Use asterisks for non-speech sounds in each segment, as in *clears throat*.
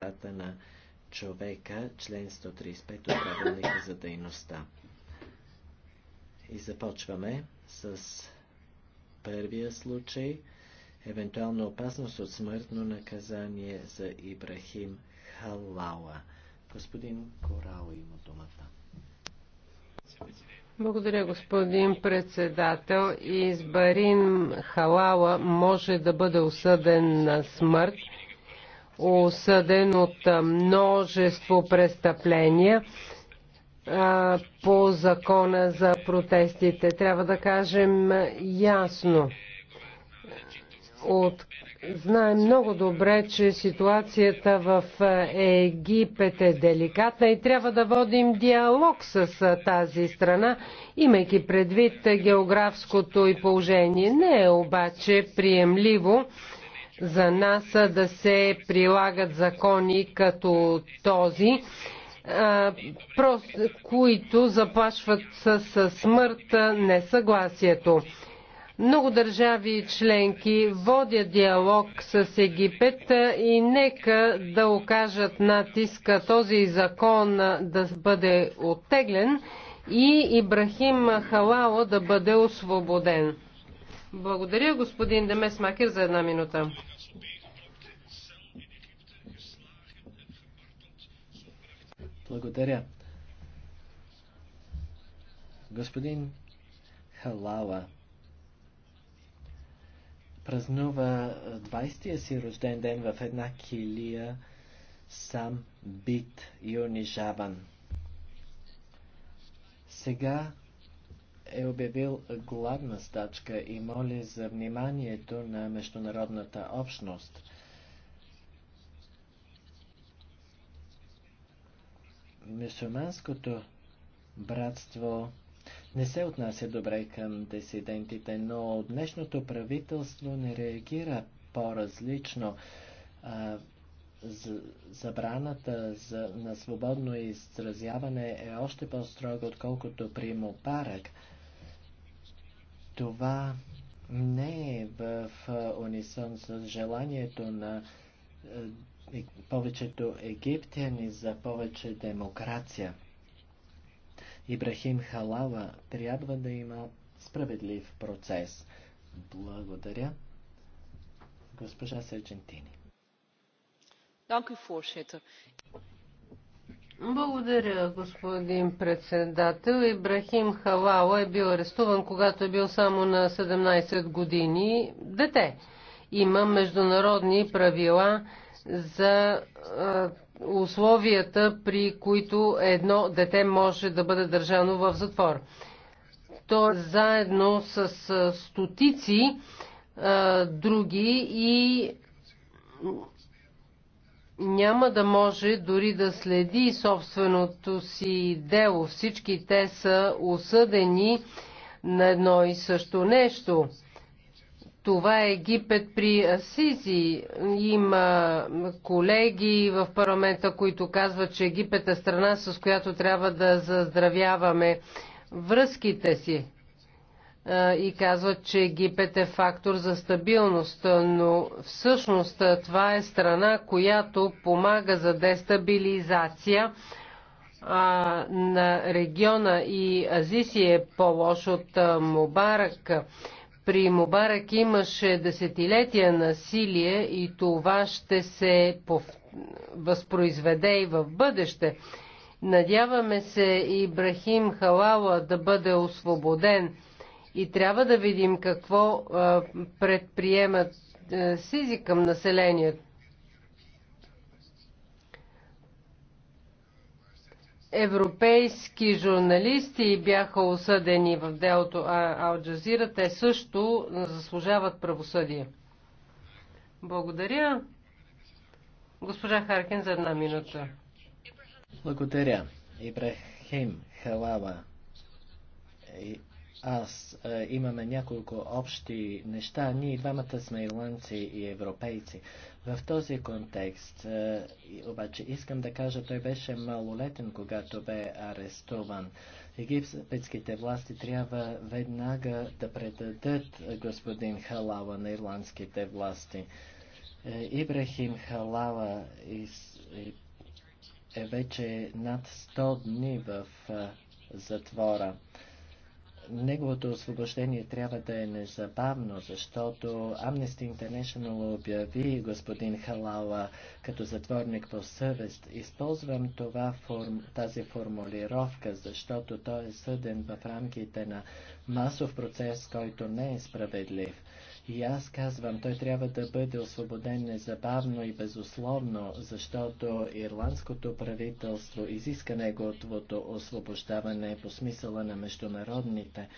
правата на човека, член 135 от правилника за дейността. И започваме с първия случай евентуална опасност от смъртно наказание за Ибрахим Халала. Господин Корао, има думата. Благодаря, господин председател. Избарин Халала може да бъде осъден на смърт осъден от множество престъпления по закона за протестите. Трябва да кажем ясно. От... Знаем много добре, че ситуацията в Египет е деликатна и трябва да водим диалог с тази страна, имайки предвид географското и положение. Не е обаче приемливо за нас да се прилагат закони като този, които заплашват със смърт несъгласието. Много държави и членки водят диалог с Египет и нека да окажат натиска този закон да бъде оттеглен и Ибрахим Халала да бъде освободен. Благодаря, господин Демес Макер, за една минута. Благодаря. Господин Халала празнува 20-я си рожден ден в една килия, сам бит и унижаван. Сега е обявил гладна стачка и моли за вниманието на международната общност. Мюсюлманското братство не се отнася добре към дисидентите, но днешното правителство не реагира по-различно. Забраната за, на свободно изразяване е още по-строга, отколкото при мопарък това не е в унисон с желанието на повечето египтяни за повече демокрация. Ибрахим Халава трябва да има справедлив процес. Благодаря. Госпожа Серджентини. Dank u, voorzitter. Благодаря, господин председател. Ибрахим Халала е бил арестуван, когато е бил само на 17 години дете. Има международни правила за условията, при които едно дете може да бъде държано в затвор. То е заедно с стотици други и няма да може дори да следи собственото си дело. Всички те са осъдени на едно и също нещо. Това е Египет при Асизи. Има колеги в парламента, които казват, че Египет е страна, с която трябва да заздравяваме връзките си и казват, че Египет е фактор за стабилност, но всъщност това е страна, която помага за дестабилизация а, на региона и Азиси е по-лош от Мубарак. При Мубарак имаше десетилетия насилие и това ще се възпроизведе и в бъдеще. Надяваме се Ибрахим Халала да бъде освободен и трябва да видим какво предприемат сизи към населението. Европейски журналисти бяха осъдени в делото Алджазира. Те също заслужават правосъдие. Благодаря. Госпожа Харкин за една минута. Благодаря. Ибрахим Халава аз а, е, имаме няколко общи неща. Ние двамата сме ирландци и европейци. В този контекст, е, обаче, искам да кажа, той беше малолетен, когато бе арестуван. Египетските власти трябва веднага да предадат е, господин Халава на ирландските власти. Е, Ибрахим Халава из, е, вече над 100 дни в затвора неговото освобождение трябва да е незабавно, защото Amnesty International обяви господин Халала като затворник по съвест. Използвам това форм, тази формулировка, защото той е съден в рамките на масов процес, който не е справедлив. И аз казвам, той трябва да бъде освободен незабавно и безусловно, защото ирландското правителство изиска неговото освобождаване по смисъла на международните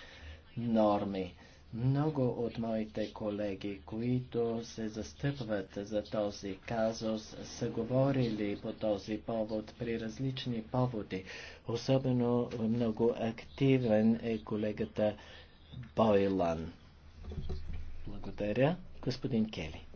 норми. Много от моите колеги, които се застъпват за този казус, са говорили по този повод при различни поводи. Особено много активен е колегата Бойлан. Благодаря. Господин Кели.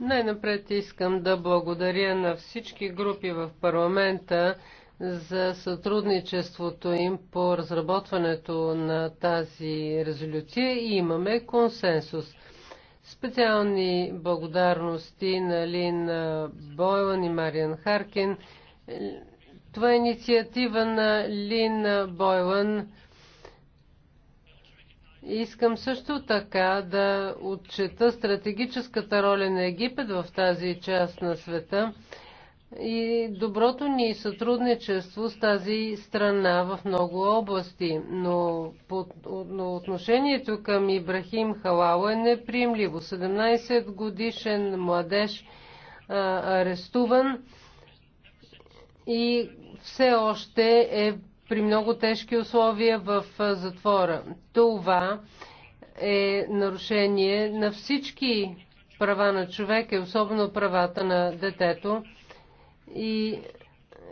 Най-напред искам да благодаря на всички групи в парламента за сътрудничеството им по разработването на тази резолюция и имаме консенсус. Специални благодарности на Лин Бойлан и Мариан Харкин. Е, това е инициатива на Лин Бойлан Искам също така да отчета стратегическата роля на Египет в тази част на света и доброто ни сътрудничество с тази страна в много области, но, по, но отношението към Ибрахим Халала е неприемливо. 17 годишен младеж а, арестуван и все още е при много тежки условия в затвора. Това е нарушение на всички права на човека, особено правата на детето. И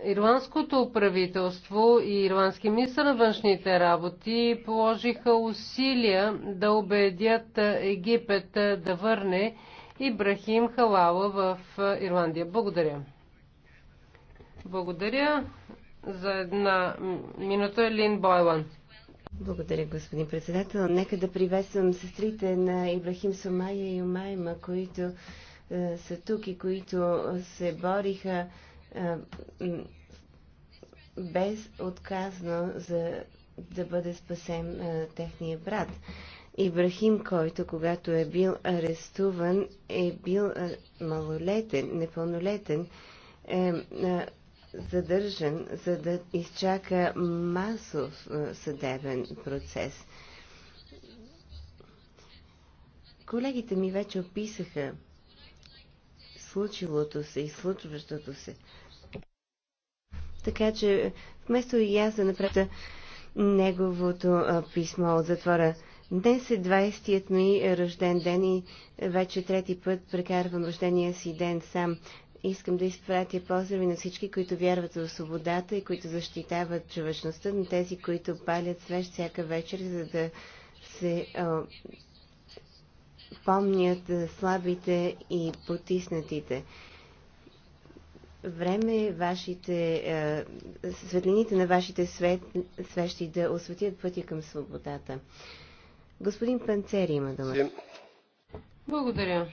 ирландското правителство и ирландски министр на външните работи положиха усилия да убедят Египет да върне Ибрахим Халала в Ирландия. Благодаря. Благодаря за една минута Лин Бойлан. Благодаря, господин председател. Нека да приветствам сестрите на Ибрахим Сомая и Умайма, които е, са тук и които се бориха е, без отказно за да бъде спасен е, техния брат. Ибрахим, който когато е бил арестуван, е бил е, малолетен, непълнолетен. Е, е, задържан, за да изчака масов е, съдебен процес. Колегите ми вече описаха случилото се и случващото се. Така че вместо и аз да направя неговото писмо от затвора, днес е 20-тият ми рожден ден и вече трети път прекарвам рождения си ден сам. Искам да изпратя поздрави на всички, които вярват в свободата и които защитават човечността, на тези, които палят свещ всяка вечер, за да се а, помнят слабите и потиснатите. Време е вашите, а, светлините на вашите свет, свещи да осветят пътя към свободата. Господин Панцери има дума. Благодаря.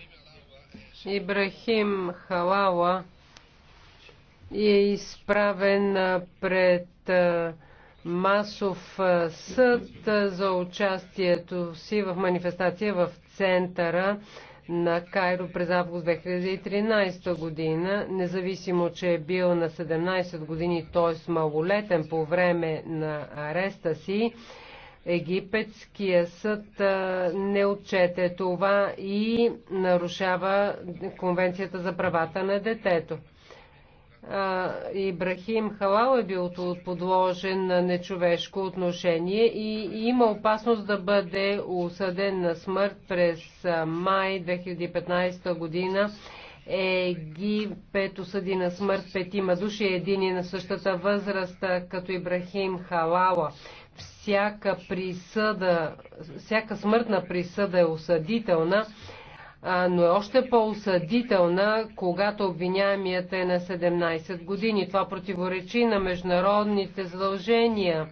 Ибрахим Халала е изправен пред масов съд за участието си в манифестация в центъра на Кайро през август 2013 година, независимо, че е бил на 17 години, т.е. малолетен по време на ареста си Египетския съд не отчете това и нарушава Конвенцията за правата на детето. Ибрахим Халал е бил подложен на нечовешко отношение и има опасност да бъде осъден на смърт през май 2015 година. Египет осъди на смърт петима души, един и е на същата възраст като Ибрахим Халала всяка присъда, всяка смъртна присъда е осъдителна, но е още по-осъдителна, когато обвиняемият е на 17 години. Това противоречи на международните задължения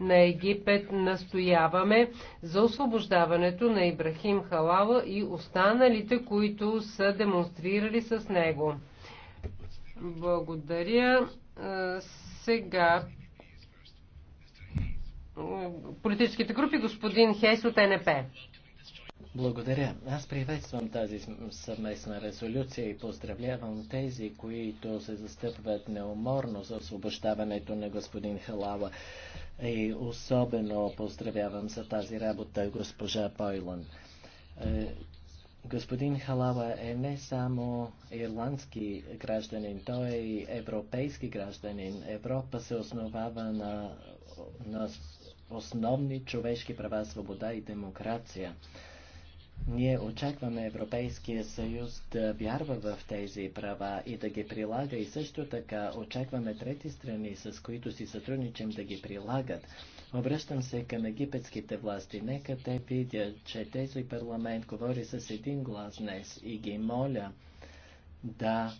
на Египет. Настояваме за освобождаването на Ибрахим Халала и останалите, които са демонстрирали с него. Благодаря. Сега политическите групи, господин Хейс от НП. Благодаря. Аз приветствам тази съвместна резолюция и поздравлявам тези, които се застъпват неуморно за освобождаването на господин Халала. И особено поздравявам за тази работа госпожа Пойлан. Е, господин Халава е не само ирландски гражданин, той е и европейски гражданин. Европа се основава на, на основни човешки права, свобода и демокрация. Ние очакваме Европейския съюз да вярва в тези права и да ги прилага и също така очакваме трети страни, с които си сътрудничим да ги прилагат. Обръщам се към египетските власти. Нека те видят, че тези парламент говори с един глас днес и ги моля да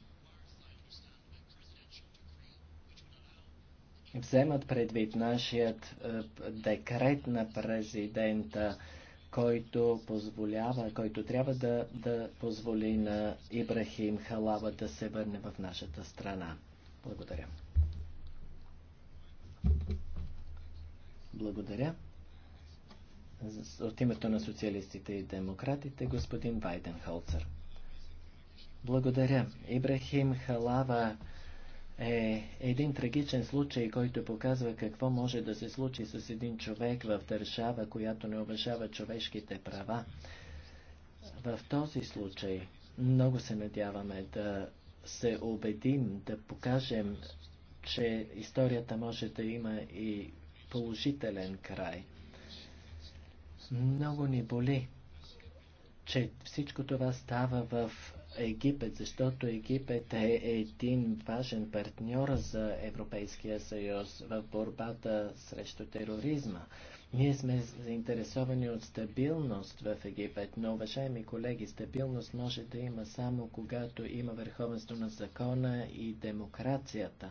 вземат предвид нашият е, декрет на президента, който позволява, който трябва да, да позволи на Ибрахим Халава да се върне в нашата страна. Благодаря. Благодаря. От името на социалистите и демократите, господин Вайден Холцер. Благодаря. Ибрахим Халава е един трагичен случай, който показва какво може да се случи с един човек в държава, която не уважава човешките права. В този случай много се надяваме да се убедим, да покажем, че историята може да има и положителен край. Много ни боли, че всичко това става в Египет, защото Египет е един важен партньор за Европейския съюз в борбата срещу тероризма. Ние сме заинтересовани от стабилност в Египет, но, уважаеми колеги, стабилност може да има само когато има върховенство на закона и демокрацията.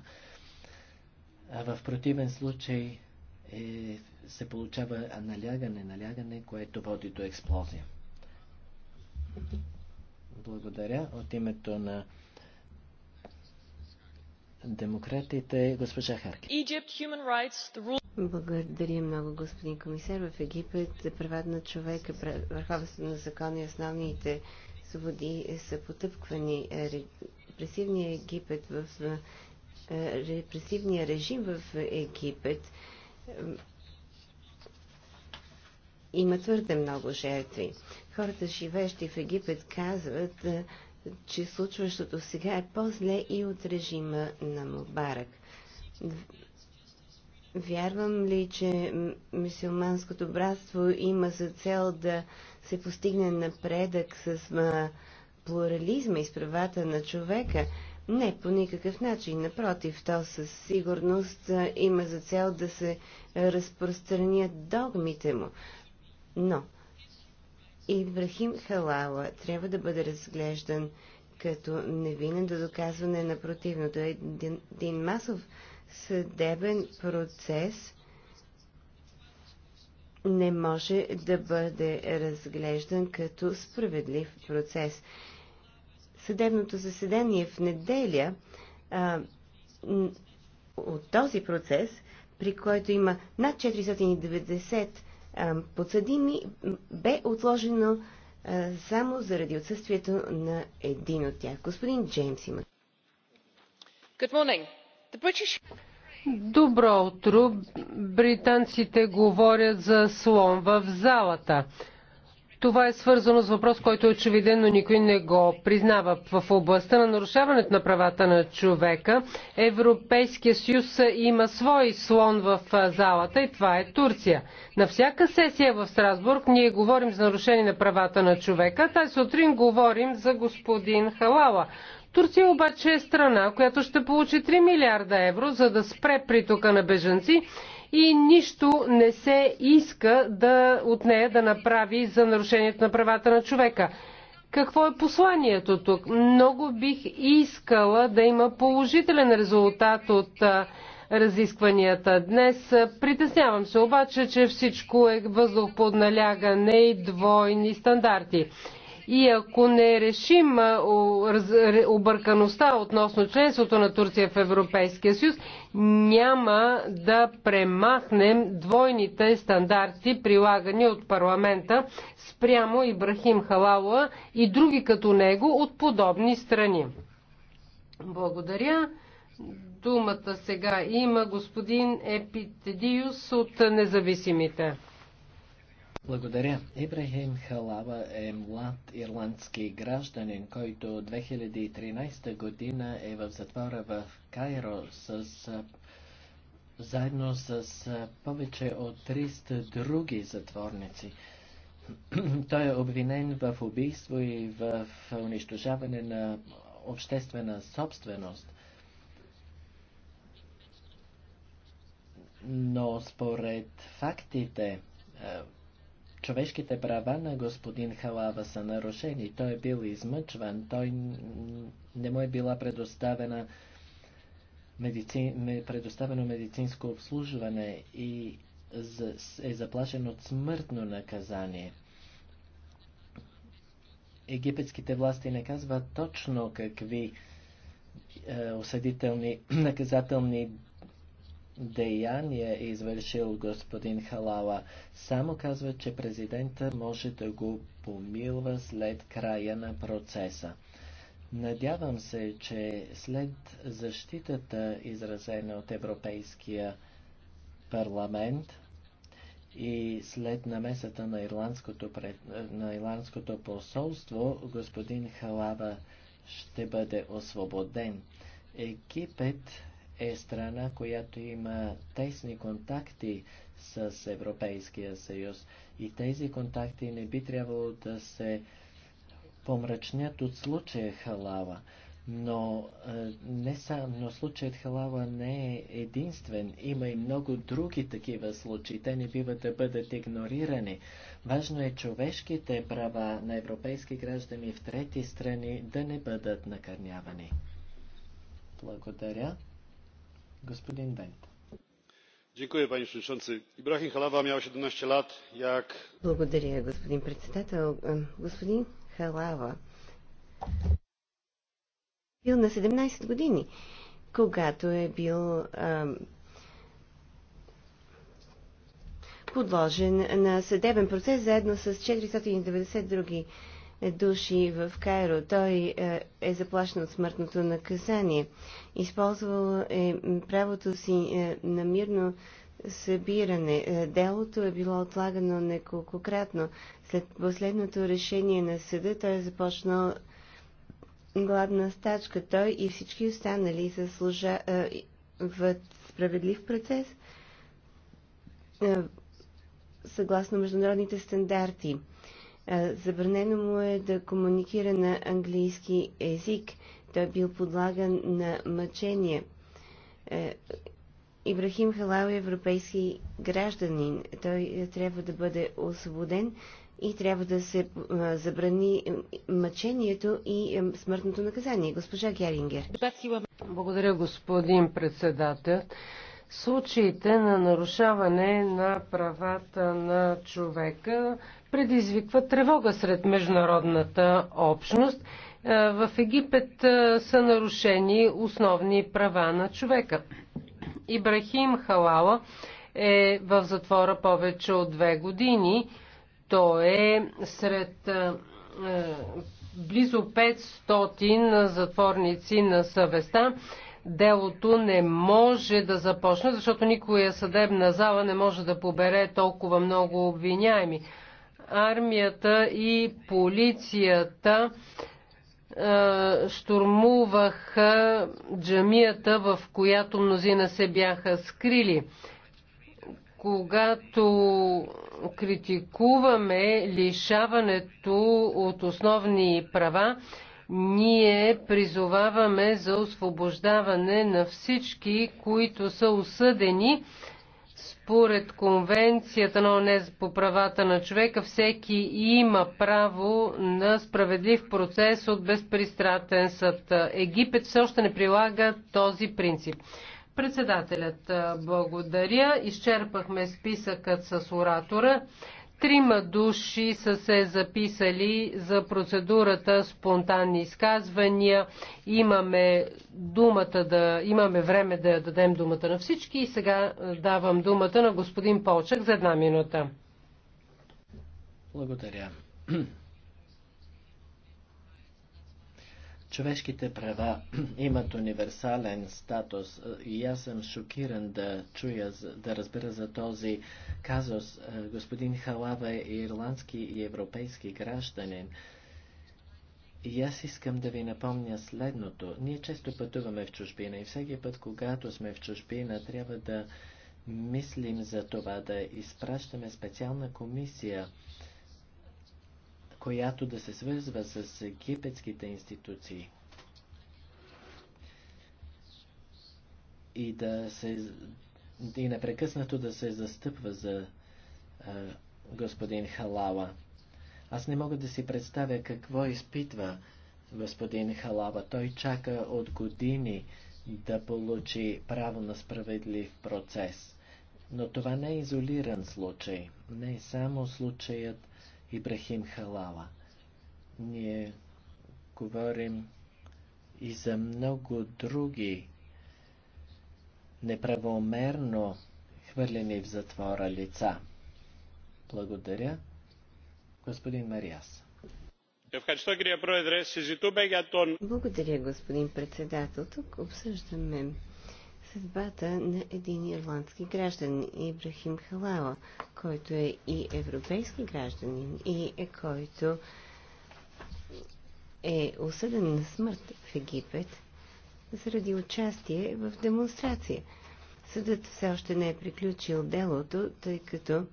А в противен случай е, се получава налягане, налягане, което води до експлозия. Благодаря от името на демократите, госпожа Харки. Благодаря много, господин комисар. В Египет правата на човека, върховенството на закона и основните свободи са потъпквани. Репресивният Египет в е, репресивния режим в Египет има твърде много жертви. Хората, живещи в Египет, казват, че случващото сега е по-зле и от режима на Мубарак. Вярвам ли, че мисиоманското братство има за цел да се постигне напредък с плурализма и с правата на човека? Не, по никакъв начин. Напротив, то със сигурност има за цел да се разпространят догмите му. Но Ибрахим Халала трябва да бъде разглеждан като невинен до доказване на противното. Един, един масов съдебен процес не може да бъде разглеждан като справедлив процес. Съдебното заседание в неделя а, от този процес, при който има над 490 подсъдими, бе отложено само заради отсъствието на един от тях. Господин Джеймс има. Добро утро! Британците говорят за слон в залата. Това е свързано с въпрос, който е очевиден, но никой не го признава. В областта на нарушаването на правата на човека Европейския съюз има свой слон в залата и това е Турция. На всяка сесия в Страсбург ние говорим за нарушение на правата на човека. Тази сутрин говорим за господин Халала. Турция обаче е страна, която ще получи 3 милиарда евро, за да спре притока на бежанци и нищо не се иска да, от нея да направи за нарушението на правата на човека. Какво е посланието тук? Много бих искала да има положителен резултат от разискванията днес. Притеснявам се обаче, че всичко е въздух под налягане и двойни стандарти. И ако не решим объркаността относно членството на Турция в Европейския съюз, няма да премахнем двойните стандарти, прилагани от парламента спрямо Ибрахим Халала и други като него от подобни страни. Благодаря. Думата сега има господин Епитедиус от независимите. Благодаря. Ибрахим Халава е млад ирландски гражданин, който 2013 година е в затвора в Кайро с, заедно с повече от 300 други затворници. *clears throat* Той е обвинен в убийство и в унищожаване на обществена собственост. Но според фактите, човешките права на господин Халава са нарушени. Той е бил измъчван, той не му е била предоставена медици... предоставено медицинско обслужване и е заплашен от смъртно наказание. Египетските власти не казват точно какви е, осъдителни *clears throat* наказателни деяние е извършил господин Халала. Само казва, че президента може да го помилва след края на процеса. Надявам се, че след защитата, изразена от Европейския парламент и след намесата на ирландското, пред... на ирландското посолство, господин Халава ще бъде освободен. Египет е страна, която има тесни контакти с Европейския съюз и тези контакти не би трябвало да се помрачнят от случая Халава. Но, е, не сам, но случаят Халава не е единствен. Има и много други такива случаи. Те не биват да бъдат игнорирани. Важно е човешките права на европейски граждани в трети страни да не бъдат накърнявани. Благодаря. Господин Бент. Благодаря, господин председател. Господин Халава бил на 17 години, когато е бил ам, подложен на съдебен процес заедно с 490 други души в Кайро. Той е, е заплашен от смъртното наказание. Използвал е правото си е, на мирно събиране. Е, делото е било отлагано неколкократно. След последното решение на съда той е започнал гладна стачка. Той и всички останали в справедлив процес съгласно международните стандарти. Забранено му е да комуникира на английски език. Той е бил подлаган на мъчение. Е, Ибрахим Халал е европейски гражданин. Той е, трябва да бъде освободен и трябва да се е, забрани мъчението и смъртното наказание. Госпожа Герингер. Благодаря, господин председател. Случаите на нарушаване на правата на човека предизвиква тревога сред международната общност. Е, в Египет е, са нарушени основни права на човека. Ибрахим Халала е в затвора повече от две години. Той е сред е, близо 500 затворници на съвестта. Делото не може да започне, защото никоя съдебна зала не може да побере толкова много обвиняеми армията и полицията штурмуваха джамията, в която мнозина се бяха скрили. Когато критикуваме лишаването от основни права, ние призоваваме за освобождаване на всички, които са осъдени според Конвенцията на ОНЕ по правата на човека, всеки има право на справедлив процес от безпристратен съд. Египет все още не прилага този принцип. Председателят, благодаря. Изчерпахме списъкът с оратора. Трима души са се записали за процедурата спонтанни изказвания. Имаме думата да, имаме време да дадем думата на всички и сега е, давам думата на господин Полчак за една минута. Благодаря. Човешките права *clears throat* имат универсален статус и аз съм шокиран да чуя, да разбера за този казус. Е, господин Халава е ирландски и европейски гражданин. И аз искам да ви напомня следното. Ние често пътуваме в чужбина и всеки път, когато сме в чужбина, трябва да мислим за това, да изпращаме специална комисия която да се свързва с египетските институции и да се и непрекъснато да се застъпва за а, господин Халала. Аз не мога да си представя какво изпитва господин Халава. Той чака от години да получи право на справедлив процес. Но това не е изолиран случай. Не е само случаят Ибрахим Халала. Ние говорим и за много други неправомерно хвърлени в затвора лица. Благодаря. Господин Мариас. Благодаря, господин председател. Тук обсъждаме съдбата на един ирландски граждан, Ибрахим Халала, който е и европейски гражданин и е който е осъден на смърт в Египет заради участие в демонстрация. Съдът все още не е приключил делото, тъй като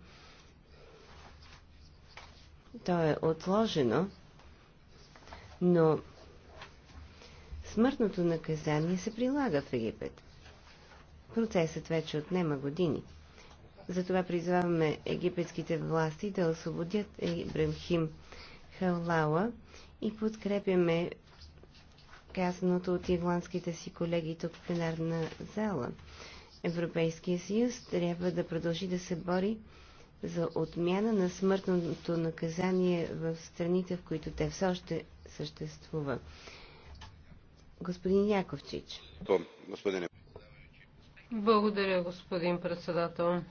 то е отложено, но смъртното наказание се прилага в Египет. Процесът вече отнема години. Затова призваваме египетските власти да освободят Ибрахим Хаулауа и подкрепяме казаното от ирландските си колеги тук в пленарна зала. Европейския съюз трябва да продължи да се бори за отмяна на смъртното наказание в страните, в които те все още съществува. Господин Яковчич. Благодаря, господин председател.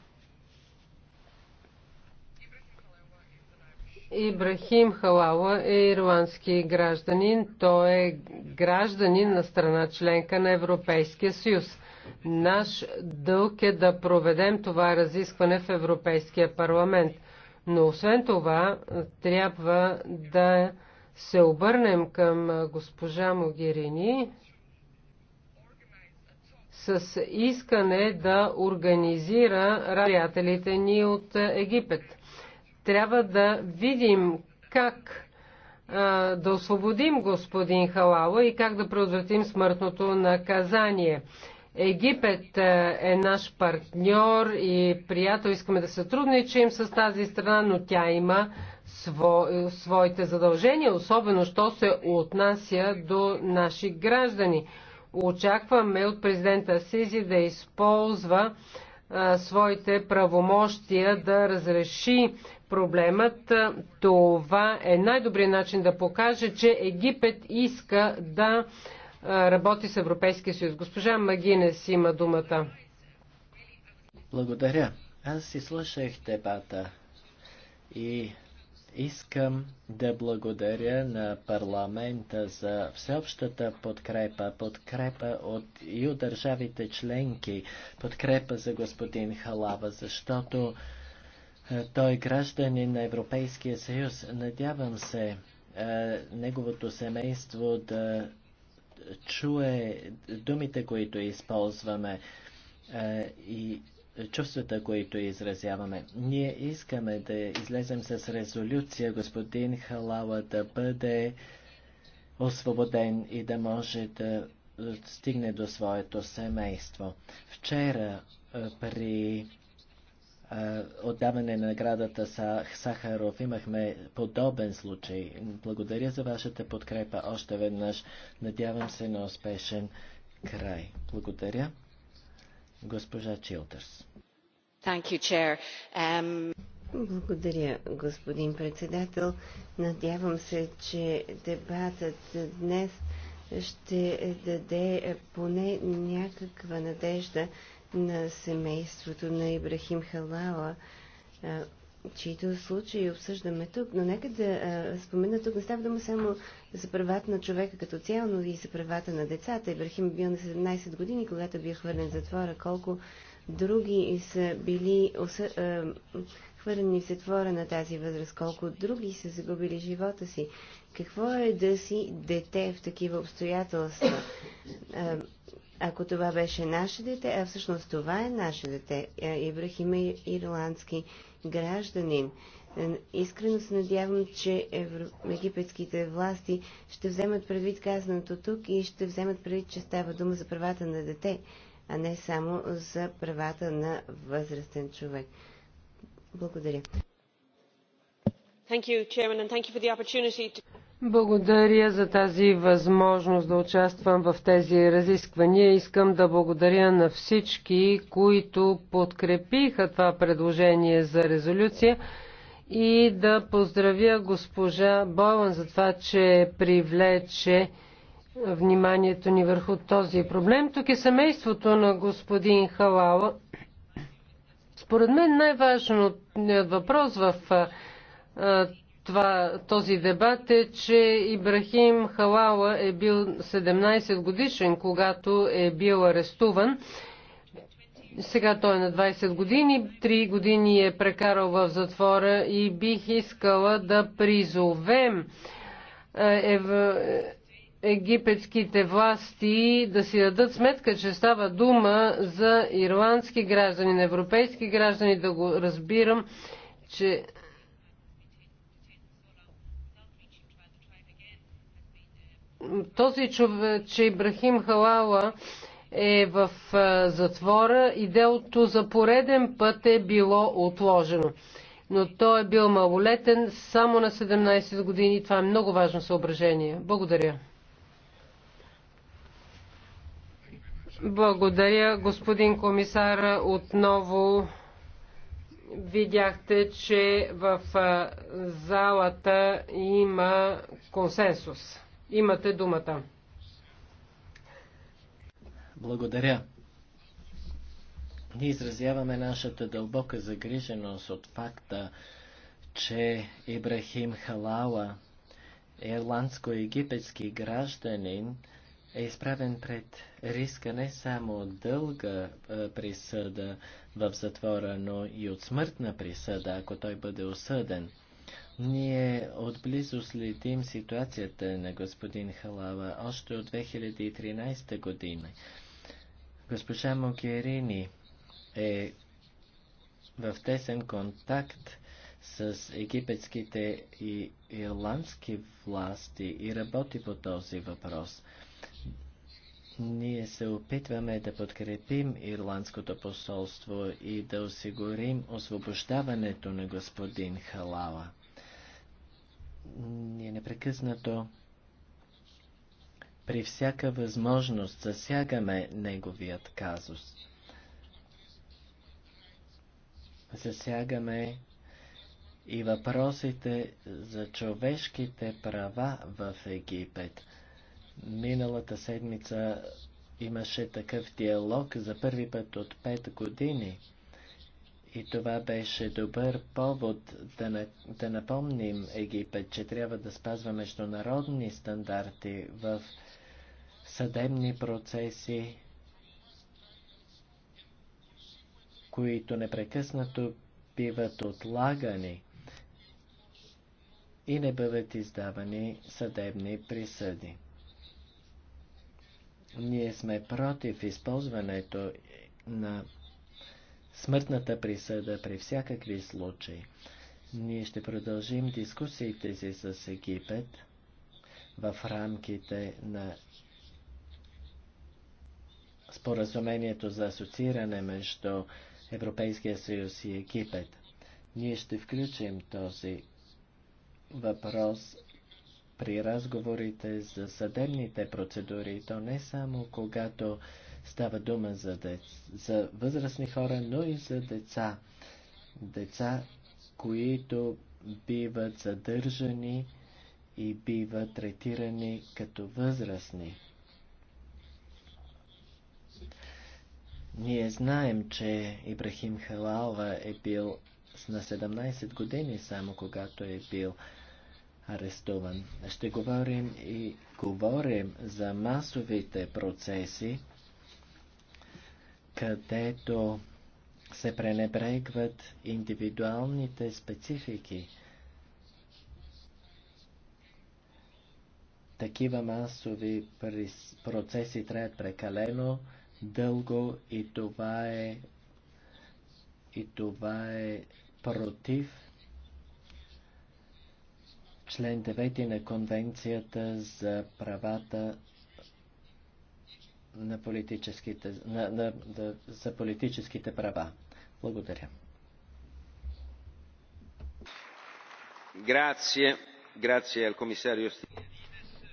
Ибрахим Халала е ирландски гражданин. Той е гражданин на страна членка на Европейския съюз. Наш дълг е да проведем това разискване в Европейския парламент. Но освен това, трябва да се обърнем към госпожа Могерини с искане да организира приятелите ни от Египет. Трябва да видим как а, да освободим господин Халала и как да предотвратим смъртното наказание. Египет е наш партньор и приятел. Искаме да сътрудничим с тази страна, но тя има сво, своите задължения, особено що се отнася до наши граждани. Очакваме от президента Сизи да използва а, своите правомощия да разреши проблемът. Е, това е най-добрият начин да покаже, че Египет иска да е, работи с Европейския съюз. Госпожа Магинес има думата. Благодаря. Аз си слушах дебата и искам да благодаря на парламента за всеобщата подкрепа, подкрепа от и от държавите членки, подкрепа за господин Халава, защото е, той е гражданин на Европейския съюз. Надявам се е, неговото семейство да чуе думите, които използваме е, и чувствата, които изразяваме. Ние искаме да излезем с резолюция господин Халала да бъде освободен и да може да стигне до своето семейство. Вчера при отдаване на наградата Сахаров имахме подобен случай. Благодаря за вашата подкрепа още веднъж. Надявам се на успешен край. Благодаря. Госпожа Чилтърс. You, um... Благодаря, господин председател. Надявам се, че дебатът днес ще даде поне някаква надежда на семейството на Ибрахим Халала, чието случаи обсъждаме тук, но нека да спомена тук, не става дума само за правата на човека като цяло, но и за правата на децата. Ибрахим е бил на 17 години, когато бил хвърлен в затвора. Колко други са били осъ... хвърлени в затвора на тази възраст, колко други са загубили живота си. Какво е да си дете в такива обстоятелства? ако това беше наше дете, а всъщност това е наше дете. Е, Ибрахим е ирландски гражданин. Е, искрено се надявам, че евро... египетските власти ще вземат предвид казаното тук и ще вземат предвид, че става дума за правата на дете, а не само за правата на възрастен човек. Благодаря. Thank you, Chairman, and thank you for the opportunity to... Благодаря за тази възможност да участвам в тези разисквания. Искам да благодаря на всички, които подкрепиха това предложение за резолюция и да поздравя госпожа Бойлан за това, че привлече вниманието ни върху този проблем. Тук е семейството на господин Халала. Според мен най-важният въпрос в това, този дебат е, че Ибрахим Халала е бил 17 годишен, когато е бил арестуван. Сега той е на 20 години, 3 години е прекарал в затвора и бих искала да призовем е, ев... египетските власти да си дадат сметка, че става дума за ирландски граждани, на европейски граждани, да го разбирам, че този човек, че Ибрахим Халала е в затвора и делото за пореден път е било отложено. Но той е бил малолетен само на 17 години. Това е много важно съображение. Благодаря. Благодаря, господин комисар. Отново видяхте, че в залата има консенсус. Имате думата. Благодаря. Ние изразяваме нашата дълбока загриженост от факта, че Ибрахим Халала, ирландско-египетски гражданин, е изправен пред риска не само дълга е, присъда в затвора, но и от смъртна присъда, ако той бъде осъден – ние отблизо следим ситуацията на господин Халава още от 2013 година. Госпожа Могерини е в тесен контакт с египетските и ирландски власти и работи по този въпрос. Ние се опитваме да подкрепим ирландското посолство и да осигурим освобождаването на господин Халала е непрекъснато при всяка възможност засягаме неговият казус. Засягаме и въпросите за човешките права в Египет. Миналата седмица имаше такъв диалог за първи път от пет години. И това беше добър повод да, на, да напомним Египет, че трябва да спазва международни стандарти в съдебни процеси, които непрекъснато биват отлагани и не бъдат издавани съдебни присъди. Ние сме против използването на смъртната присъда при всякакви случаи. Ние ще продължим дискусиите си с Египет в рамките на споразумението за асоцииране между Европейския съюз и Египет. Ние ще включим този въпрос при разговорите за съдебните процедури, то не само когато Става дума за, дец... за възрастни хора, но и за деца. Деца, които биват задържани и биват третирани като възрастни. Ние знаем, че Ибрахим Халалва е бил на 17 години само когато е бил арестуван. Ще говорим и говорим за масовите процеси, където се пренебрегват индивидуалните специфики. Такива масови процеси траят прекалено дълго и това е и това е против член 9 на Конвенцията за правата на политическите, на, на, на, за политическите права. Благодаря. Грация. Грация комисарио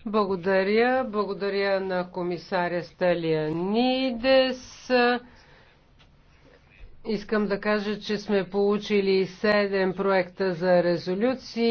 Благодаря. Благодаря на комисаря Нидес. Искам да кажа, че сме получили 7 проекта за резолюции.